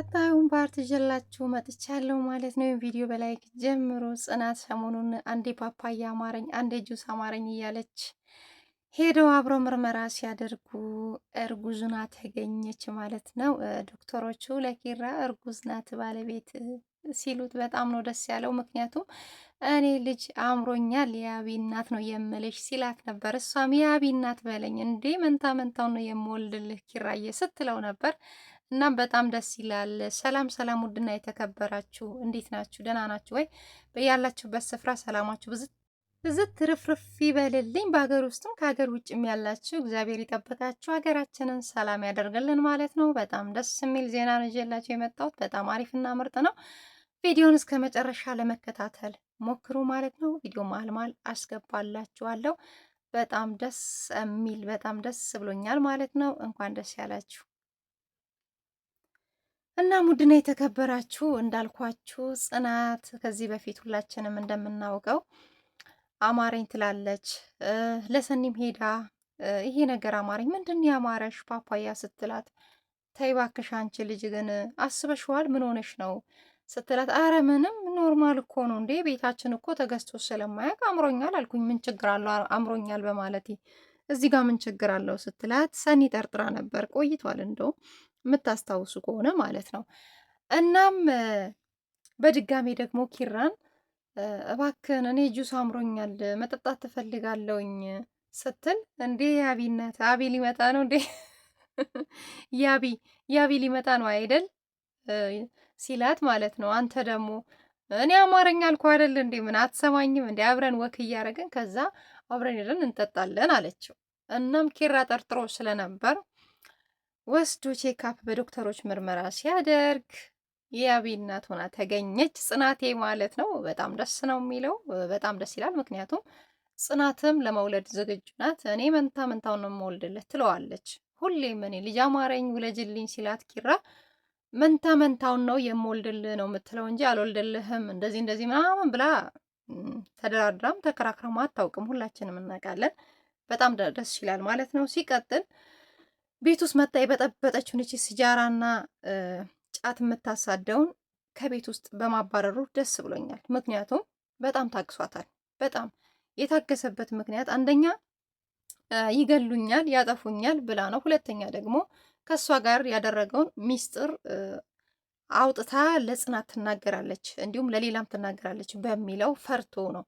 ቀጣዩን ፓርት ይዤላችሁ መጥቻለሁ ማለት ነው። ቪዲዮ በላይክ ጀምሮ ጽናት ሰሞኑን አንዴ ፓፓያ አማረኝ፣ አንዴ ጁስ አማረኝ እያለች ሄደው አብሮ ምርመራ ሲያደርጉ እርጉዝ ናት ተገኘች ማለት ነው። ዶክተሮቹ ለኪራ እርጉዝ ናት ባለቤት ሲሉት በጣም ነው ደስ ያለው። ምክንያቱም እኔ ልጅ አምሮኛል የአቢ እናት ነው የምልሽ ሲላት ነበር። እሷም የአቢ እናት በለኝ እንዴ መንታ መንታው ነው የምወልድልህ ኪራዬ ስትለው ነበር። እናም በጣም ደስ ይላል። ሰላም ሰላም! ውድና የተከበራችሁ እንዴት ናችሁ? ደህና ናችሁ ወይ? በያላችሁበት ስፍራ ሰላማችሁ ብዝት ብዝት ርፍርፍ ይበልልኝ። በሀገር ውስጥም ከሀገር ውጭም ያላችሁ እግዚአብሔር ይጠብቃችሁ፣ ሀገራችንን ሰላም ያደርግልን ማለት ነው። በጣም ደስ የሚል ዜና ነው ይዤላችሁ የመጣሁት። በጣም አሪፍና ምርጥ ነው። ቪዲዮን እስከ መጨረሻ ለመከታተል ሞክሩ ማለት ነው። ቪዲዮ መሀል መሀል አስገባላችኋለሁ። በጣም ደስ የሚል በጣም ደስ ብሎኛል ማለት ነው። እንኳን ደስ ያላችሁ። እና ሙድና የተከበራችሁ እንዳልኳችሁ ጽናት ከዚህ በፊት ሁላችንም እንደምናውቀው አማረኝ ትላለች። ለሰኒም ሄዳ ይሄ ነገር አማረኝ፣ ምንድን ያማረሽ ፓፓያ ስትላት ተይ እባክሽ አንቺ ልጅ ግን አስበሽዋል፣ ምን ሆነሽ ነው ስትላት አረ ምንም ኖርማል እኮ ነው እንዴ ቤታችን እኮ ተገዝቶ ስለማያውቅ አምሮኛል አልኩኝ። ምን ችግር አለው አምሮኛል በማለቴ እዚህ ጋር ምን ችግር አለው ስትላት ሰኒ ጠርጥራ ነበር ቆይቷል እንደው የምታስታውሱ ከሆነ ማለት ነው። እናም በድጋሚ ደግሞ ኪራን እባክን እኔ ጁስ አምሮኛል መጠጣት ትፈልጋለውኝ ስትል እንዴ ያቢነት አቢ ሊመጣ ነው እንዴ ያቢ ያቢ ሊመጣ ነው አይደል ሲላት ማለት ነው። አንተ ደግሞ እኔ አማረኛ አልኩ አይደል እንዴ ምን አትሰማኝም እንዴ አብረን ወክ እያደረግን ከዛ አብረን ሄደን እንጠጣለን አለችው። እናም ኪራ ጠርጥሮ ስለነበር ወስዶ ቼካፕ በዶክተሮች ምርመራ ሲያደርግ የአብይ እናት ሆና ተገኘች ጽናቴ ማለት ነው። በጣም ደስ ነው የሚለው፣ በጣም ደስ ይላል። ምክንያቱም ጽናትም ለመውለድ ዝግጁ ናት። እኔ መንታ መንታውን ነው የምወልድለት ትለዋለች። ሁሌም እኔ ልጅ አማረኝ ውለጅልኝ ሲላት ኪራ መንታ መንታውን ነው የምወልድልህ ነው የምትለው እንጂ አልወልድልህም እንደዚህ እንደዚህ ምናምን ብላ ተደራድራም ተከራክራም አታውቅም። ሁላችንም እናውቃለን። በጣም ደስ ይላል ማለት ነው። ሲቀጥል ቤት ውስጥ መጣ የበጠበጠችውን እቺ ሲጃራና ጫት የምታሳደውን ከቤት ውስጥ በማባረሩ ደስ ብሎኛል። ምክንያቱም በጣም ታግሷታል። በጣም የታገሰበት ምክንያት አንደኛ ይገሉኛል፣ ያጠፉኛል ብላ ነው። ሁለተኛ ደግሞ ከእሷ ጋር ያደረገውን ሚስጥር አውጥታ ለጽናት ትናገራለች እንዲሁም ለሌላም ትናገራለች በሚለው ፈርቶ ነው።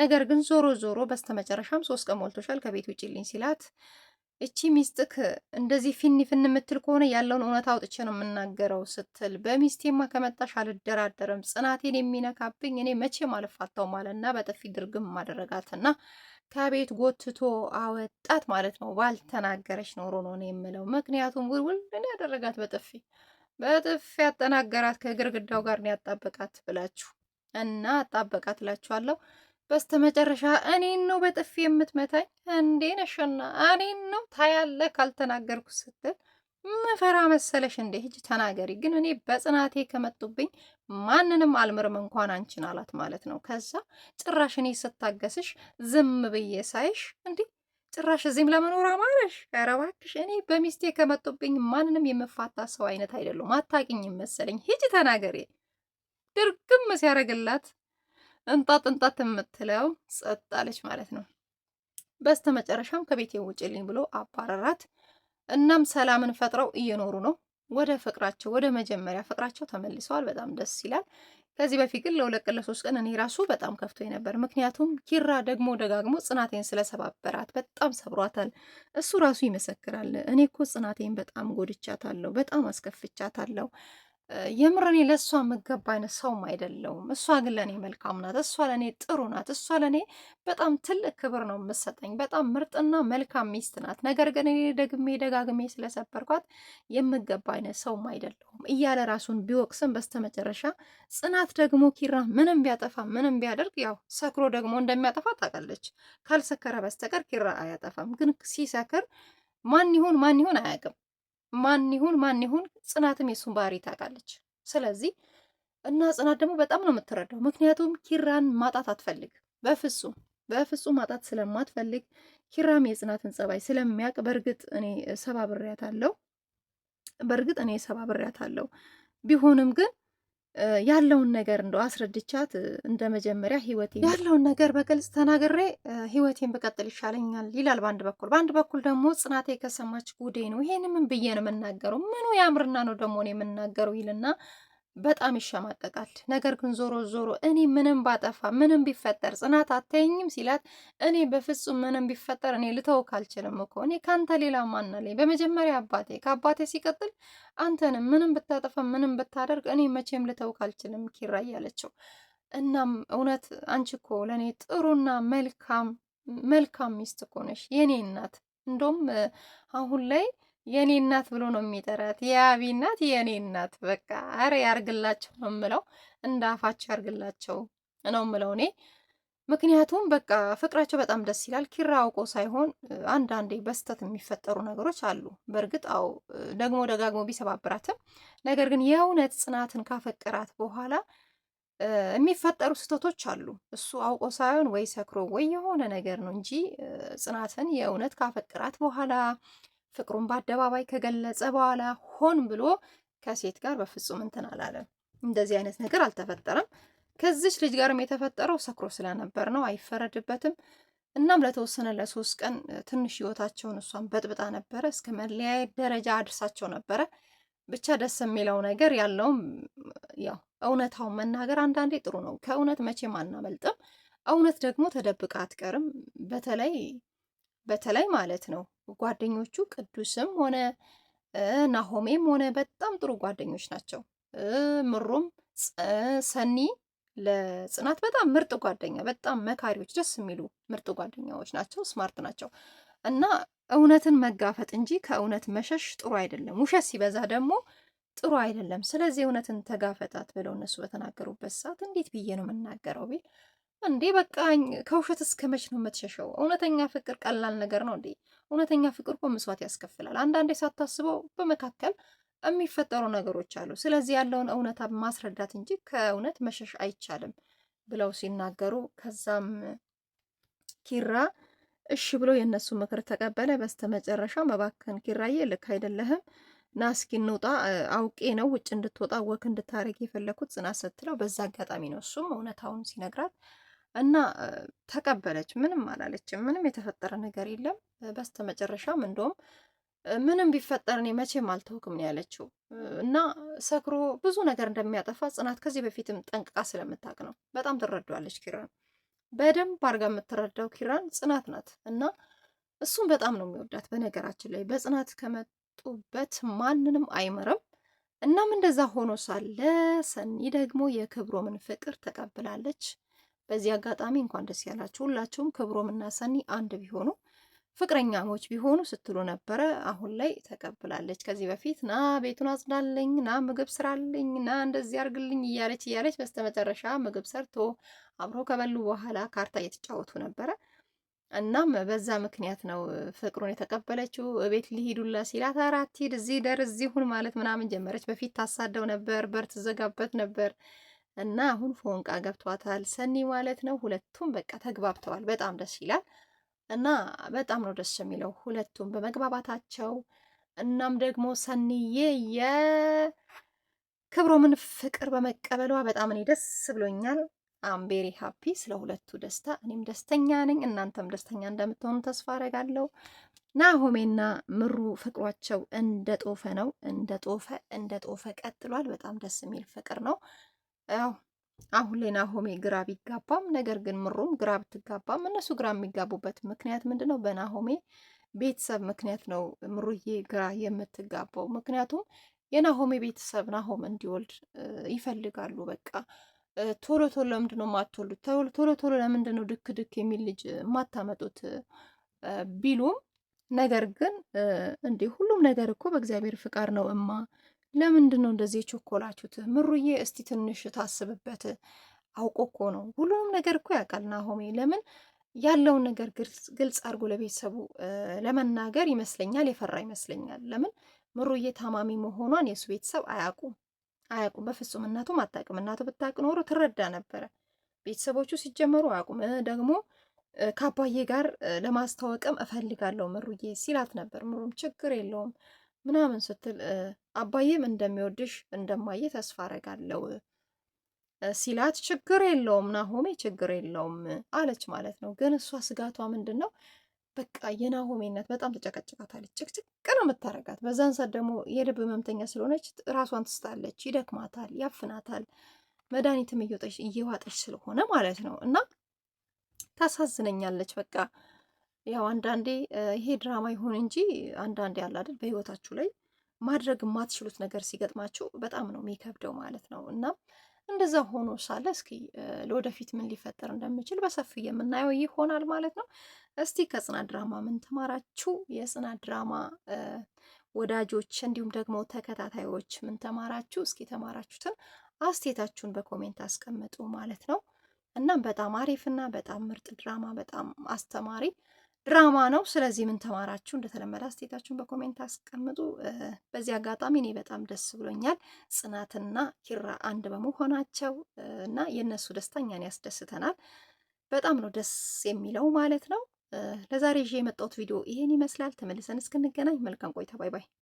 ነገር ግን ዞሮ ዞሮ በስተመጨረሻም ሶስት ቀን ሞልቶሻል ከቤት ውጭ ልኝ ሲላት እቺ ሚስጥክ እንደዚህ ፊኒ ፍን የምትል ከሆነ ያለውን እውነት አውጥቼ ነው የምናገረው ስትል በሚስቴማ ከመጣሽ አልደራደርም፣ ጽናቴን የሚነካብኝ እኔ መቼ አልፋታውም አለና በጥፊ ድርግም ማደረጋትና ከቤት ጎትቶ አወጣት ማለት ነው። ባልተናገረች ኖሮ ነው እኔ የምለው። ምክንያቱም ውልውል ያደረጋት በጥፊ በጥፊ ያጠናገራት ከግርግዳው ጋር ያጣበቃት ብላችሁ እና አጣበቃት እላችኋለሁ። በስተመጨረሻ እኔን ነው በጥፊ የምትመታኝ እንዴ ነሽና እኔን ነው ታያለ ካልተናገርኩ ስትል ምፈራ መሰለሽ እንዴ ሂጂ ተናገሪ ግን እኔ በጽናቴ ከመጡብኝ ማንንም አልምርም እንኳን አንቺን አላት ማለት ነው ከዛ ጭራሽ እኔ ስታገስሽ ዝም ብዬ ሳይሽ እንዲህ ጭራሽ እዚህም ለመኖር አማረሽ ኧረ እባክሽ እኔ በሚስቴ ከመጡብኝ ማንንም የምፋታ ሰው አይነት አይደለሁም አታውቂኝም መሰለኝ ሂጂ ተናገሪ ድርግም ሲያረግላት እንጣጥ እንጣጥ የምትለው ጸጥ አለች ማለት ነው። በስተ መጨረሻም ከቤቴ ውጭልኝ ብሎ አባረራት። እናም ሰላምን ፈጥረው እየኖሩ ነው። ወደ ፍቅራቸው ወደ መጀመሪያ ፍቅራቸው ተመልሰዋል። በጣም ደስ ይላል። ከዚህ በፊት ግን ለሁለት ቀን ለሶስት ቀን እኔ ራሱ በጣም ከፍቶ ነበር። ምክንያቱም ኪራ ደግሞ ደጋግሞ ጽናቴን ስለሰባበራት በጣም ሰብሯታል። እሱ ራሱ ይመሰክራል። እኔ እኮ ጽናቴን በጣም ጎድቻታለሁ፣ በጣም አስከፍቻታለሁ የምር እኔ ለእሷ የምገባ አይነት ሰውም አይደለውም። እሷ ግን ለእኔ መልካም ናት። እሷ ለእኔ ጥሩ ናት። እሷ ለእኔ በጣም ትልቅ ክብር ነው የምሰጠኝ። በጣም ምርጥና መልካም ሚስት ናት። ነገር ግን እኔ ደግሜ ደጋግሜ ስለሰበርኳት የምገባ አይነት ሰውም አይደለውም እያለ ራሱን ቢወቅስም በስተመጨረሻ ጽናት ደግሞ ኪራ ምንም ቢያጠፋ ምንም ቢያደርግ ያው ሰክሮ ደግሞ እንደሚያጠፋ ታውቃለች። ካልሰከረ በስተቀር ኪራ አያጠፋም። ግን ሲሰክር ማን ይሁን ማን ይሁን አያውቅም። ማን ይሁን ማን ይሁን ጽናትም የሱን ባህሪ ታውቃለች። ስለዚህ እና ጽናት ደግሞ በጣም ነው የምትረዳው፣ ምክንያቱም ኪራን ማጣት አትፈልግ በፍጹም በፍጹም ማጣት ስለማትፈልግ ኪራም የጽናትን ጸባይ ስለሚያውቅ በእርግጥ እኔ አለው በእርግጥ እኔ አለው ቢሆንም ግን ያለውን ነገር እንደ አስረድቻት እንደ መጀመሪያ ህይወቴ ያለውን ነገር በግልጽ ተናግሬ ህይወቴን ብቀጥል ይሻለኛል ይላል በአንድ በኩል። በአንድ በኩል ደግሞ ጽናቴ ከሰማች ጉዴ ነው፣ ይሄን ምን ብዬ ነው የምናገረው? ምኑ ያምርና ነው ደግሞ ነው የምናገረው? ይልና በጣም ይሸማቀቃል። ነገር ግን ዞሮ ዞሮ እኔ ምንም ባጠፋ ምንም ቢፈጠር ጽናት አተኝም ሲላት፣ እኔ በፍጹም ምንም ቢፈጠር እኔ ልተውክ አልችልም እኮ እኔ ከአንተ ሌላ ማና አለኝ? በመጀመሪያ አባቴ፣ ከአባቴ ሲቀጥል አንተንም ምንም ብታጠፋ ምንም ብታደርግ እኔ መቼም ልተውክ አልችልም ኪራ እያለችው፣ እናም እውነት አንቺ እኮ ለእኔ ጥሩና መልካም መልካም ሚስት እኮ ነሽ የእኔ እናት። እንደውም አሁን ላይ የኔ እናት ብሎ ነው የሚጠራት። የአቢ እናት የኔ እናት በቃ አረ ያርግላቸው ነው ምለው፣ እንደ አፋቸው ያርግላቸው ነው ምለው እኔ። ምክንያቱም በቃ ፍቅራቸው በጣም ደስ ይላል። ኪራ አውቆ ሳይሆን አንዳንዴ በስተት የሚፈጠሩ ነገሮች አሉ። በእርግጥ አው ደግሞ ደጋግሞ ቢሰባብራትም፣ ነገር ግን የእውነት ጽናትን ካፈቀራት በኋላ የሚፈጠሩ ስህተቶች አሉ። እሱ አውቆ ሳይሆን ወይ ሰክሮ ወይ የሆነ ነገር ነው እንጂ ጽናትን የእውነት ካፈቀራት በኋላ ፍቅሩን በአደባባይ ከገለጸ በኋላ ሆን ብሎ ከሴት ጋር በፍጹም እንትን አላለም። እንደዚህ አይነት ነገር አልተፈጠረም። ከዚች ልጅ ጋርም የተፈጠረው ሰክሮ ስለነበር ነው፣ አይፈረድበትም። እናም ለተወሰነ ለሶስት ቀን ትንሽ ህይወታቸውን እሷን በጥብጣ ነበረ፣ እስከ መለያየት ደረጃ አድርሳቸው ነበረ። ብቻ ደስ የሚለው ነገር ያለውም ያው እውነታውን መናገር አንዳንዴ ጥሩ ነው። ከእውነት መቼም አናመልጥም። እውነት ደግሞ ተደብቃ አትቀርም። በተለይ በተለይ ማለት ነው ጓደኞቹ ቅዱስም ሆነ ናሆሜም ሆነ በጣም ጥሩ ጓደኞች ናቸው። ምሩም ሰኒ ለጽናት በጣም ምርጥ ጓደኛ፣ በጣም መካሪዎች፣ ደስ የሚሉ ምርጥ ጓደኛዎች ናቸው። ስማርት ናቸው እና እውነትን መጋፈጥ እንጂ ከእውነት መሸሽ ጥሩ አይደለም። ውሸት ሲበዛ ደግሞ ጥሩ አይደለም። ስለዚህ እውነትን ተጋፈጣት ብለው እነሱ በተናገሩበት ሰዓት እንዴት ብዬ ነው የምናገረው ቢል እንዴ በቃኝ። ከውሸት እስከ መች ነው የምትሸሸው? እውነተኛ ፍቅር ቀላል ነገር ነው እንዴ? እውነተኛ ፍቅር እኮ መስዋዕት ያስከፍላል። አንዳንዴ ሳታስበው በመካከል የሚፈጠሩ ነገሮች አሉ። ስለዚህ ያለውን እውነታ ማስረዳት እንጂ ከእውነት መሸሽ አይቻልም ብለው ሲናገሩ ከዛም ኪራ እሺ ብሎ የእነሱ ምክር ተቀበለ። በስተመጨረሻ መባከን ኪራዬ ልክ አይደለህም ና እስኪ እንውጣ፣ አውቄ ነው ውጭ እንድትወጣ ወክ እንድታረግ የፈለኩት ጽናት ስትለው፣ በዛ አጋጣሚ ነው እሱም እውነታውን ሲነግራት እና ተቀበለች። ምንም አላለችም። ምንም የተፈጠረ ነገር የለም። በስተ መጨረሻም እንደውም ምንም ቢፈጠር እኔ መቼም አልተውክም ነው ያለችው። እና ሰክሮ ብዙ ነገር እንደሚያጠፋ ጽናት ከዚህ በፊትም ጠንቅቃ ስለምታውቅ ነው። በጣም ትረዳዋለች ኪራን በደንብ አድርጋ የምትረዳው ኪራን ጽናት ናት። እና እሱም በጣም ነው የሚወዳት። በነገራችን ላይ በጽናት ከመጡበት ማንንም አይምርም። እናም እንደዛ ሆኖ ሳለ ሰኒ ደግሞ የክብሮምን ፍቅር ተቀብላለች። በዚህ አጋጣሚ እንኳን ደስ ያላችሁ ሁላችሁም። ክብሮም እና ሰኒ አንድ ቢሆኑ ፍቅረኛሞች ቢሆኑ ስትሉ ነበረ። አሁን ላይ ተቀብላለች። ከዚህ በፊት ና ቤቱን አጽዳለኝ፣ ና ምግብ ስራልኝ፣ ና እንደዚህ አርግልኝ እያለች እያለች በስተመጨረሻ ምግብ ሰርቶ አብሮ ከበሉ በኋላ ካርታ እየተጫወቱ ነበረ። እናም በዛ ምክንያት ነው ፍቅሩን የተቀበለችው። እቤት ሊሄዱላ ሲላት አራት ሂድ እዚህ ደር እዚሁን ማለት ምናምን ጀመረች። በፊት ታሳደው ነበር፣ በር ትዘጋበት ነበር እና አሁን ፎንቃ ገብቷታል ሰኒ ማለት ነው። ሁለቱም በቃ ተግባብተዋል። በጣም ደስ ይላል እና በጣም ነው ደስ የሚለው ሁለቱም በመግባባታቸው። እናም ደግሞ ሰኒዬ የክብሮምን ፍቅር በመቀበሏ በጣም እኔ ደስ ብሎኛል። አምቤሪ ሀፒ ስለ ሁለቱ ደስታ እኔም ደስተኛ ነኝ። እናንተም ደስተኛ እንደምትሆኑ ተስፋ አረጋለሁ። ናሆሜና ምሩ ፍቅሯቸው እንደ ጦፈ ነው እንደ ጦፈ እንደ ጦፈ ቀጥሏል። በጣም ደስ የሚል ፍቅር ነው። ያው አሁን ላይ ናሆሜ ግራ ቢጋባም ነገር ግን ምሩም ግራ ብትጋባም እነሱ ግራ የሚጋቡበት ምክንያት ምንድን ነው? በናሆሜ ቤተሰብ ምክንያት ነው ምሩዬ ግራ የምትጋባው። ምክንያቱም የናሆሜ ቤተሰብ ናሆም እንዲወልድ ይፈልጋሉ። በቃ ቶሎ ቶሎ ለምንድን ነው የማትወልዱት? ቶሎ ቶሎ ለምንድን ነው ድክ ድክ የሚል ልጅ የማታመጡት ቢሉም ነገር ግን እንዲህ ሁሉም ነገር እኮ በእግዚአብሔር ፍቃድ ነው እማ ለምንድን ነው እንደዚህ የቸኮላችሁት? ምሩዬ እስቲ ትንሽ ታስብበት። አውቆ እኮ ነው ሁሉንም ነገር እኮ ያውቃል ናሆሜ። ለምን ያለውን ነገር ግልጽ አድርጎ ለቤተሰቡ ለመናገር ይመስለኛል የፈራ ይመስለኛል። ለምን ምሩዬ ታማሚ መሆኗን የእሱ ቤተሰብ አያውቁም አያውቁም በፍጹም። እናቱም አታውቅም። እናቱ ብታውቅ ኖሮ ትረዳ ነበረ። ቤተሰቦቹ ሲጀመሩ አያውቁም። ደግሞ ከአባዬ ጋር ለማስታወቅም እፈልጋለሁ ምሩዬ ሲላት ነበር። ምሩም ችግር የለውም ምናምን ስትል አባዬም እንደሚወድሽ እንደማየ ተስፋ አረጋለው ሲላት ችግር የለውም ናሆሜ ችግር የለውም አለች ማለት ነው። ግን እሷ ስጋቷ ምንድን ነው? በቃ የናሆሜነት በጣም ተጨቀጭቃታለች። ጭቅጭቅ ነው የምታረጋት። በዛን ሰዓት ደግሞ የልብ ህመምተኛ ስለሆነች ራሷን ትስታለች፣ ይደክማታል፣ ያፍናታል። መድኃኒትም እየዋጠች ስለሆነ ማለት ነው እና ታሳዝነኛለች በቃ ያው አንዳንዴ ይሄ ድራማ ይሁን እንጂ አንዳንዴ ያለ አይደል በህይወታችሁ ላይ ማድረግ የማትችሉት ነገር ሲገጥማችሁ በጣም ነው የሚከብደው ማለት ነው። እና እንደዛ ሆኖ ሳለ እስኪ ለወደፊት ምን ሊፈጠር እንደሚችል በሰፊ የምናየው ይሆናል ማለት ነው። እስቲ ከጽናት ድራማ ምን ተማራችሁ? የጽናት ድራማ ወዳጆች እንዲሁም ደግሞ ተከታታዮች ምን ተማራችሁ? እስኪ ተማራችሁትን አስቴታችሁን በኮሜንት አስቀምጡ ማለት ነው። እናም በጣም አሪፍ እና በጣም ምርጥ ድራማ፣ በጣም አስተማሪ ድራማ ነው። ስለዚህ ምን ተማራችሁ? እንደተለመደ አስተያየታችሁን በኮሜንት አስቀምጡ። በዚህ አጋጣሚ እኔ በጣም ደስ ብሎኛል። ጽናትና ኪራ አንድ በመሆናቸው እና የእነሱ ደስታ እኛን ያስደስተናል። በጣም ነው ደስ የሚለው ማለት ነው። ለዛሬ ይዤ የመጣሁት ቪዲዮ ይሄን ይመስላል። ተመልሰን እስክንገናኝ መልካም ቆይታ። ባይ ባይ።